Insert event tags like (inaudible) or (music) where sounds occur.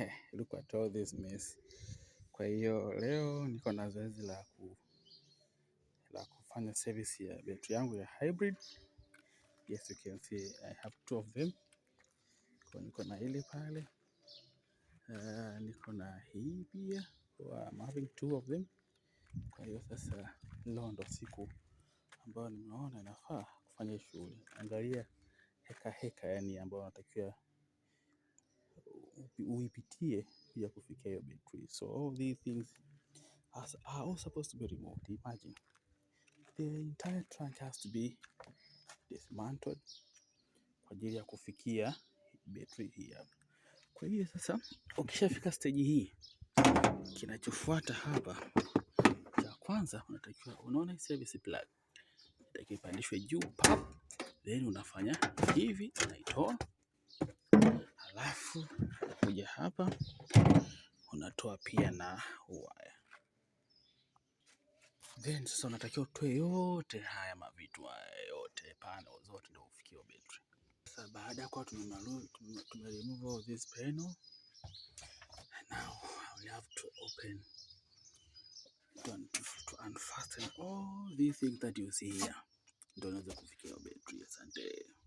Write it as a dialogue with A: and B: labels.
A: (laughs) look at all this mess. Kwa hiyo leo niko na zoezi la, ku, la kufanya service ya betri yangu ya hybrid. Yes, you can see I have two of them. Kwa niko na ile pale uh, niko na hii pia. I'm having two of them. Kwa hiyo sasa leo ndo siku ambayo nimeona inafaa kufanya shughuli. Angalia heka heka, yani ambayo natakiwa uipitie ya kufikia hiyo battery. So all these things are all supposed to be removed. Imagine the entire trunk has to be dismantled kwa ajili ya kufikia battery hii hapa. Kwa hiyo sasa, ukishafika stage hii, kinachofuata hapa cha kwanza, unatakiwa unaona service plug ipandishwe juu pa, then unafanya hivi, unaitoa unakuja hapa unatoa pia na waya, then sasa unatakiwa utoe yote haya mavitu haya yote panel zote ndio ufikie battery. Sasa baada ya kuwa tume remove all this panel, now we have to open to, to to unfasten all these things that you see here ndio unaweza kufikia battery. Asante.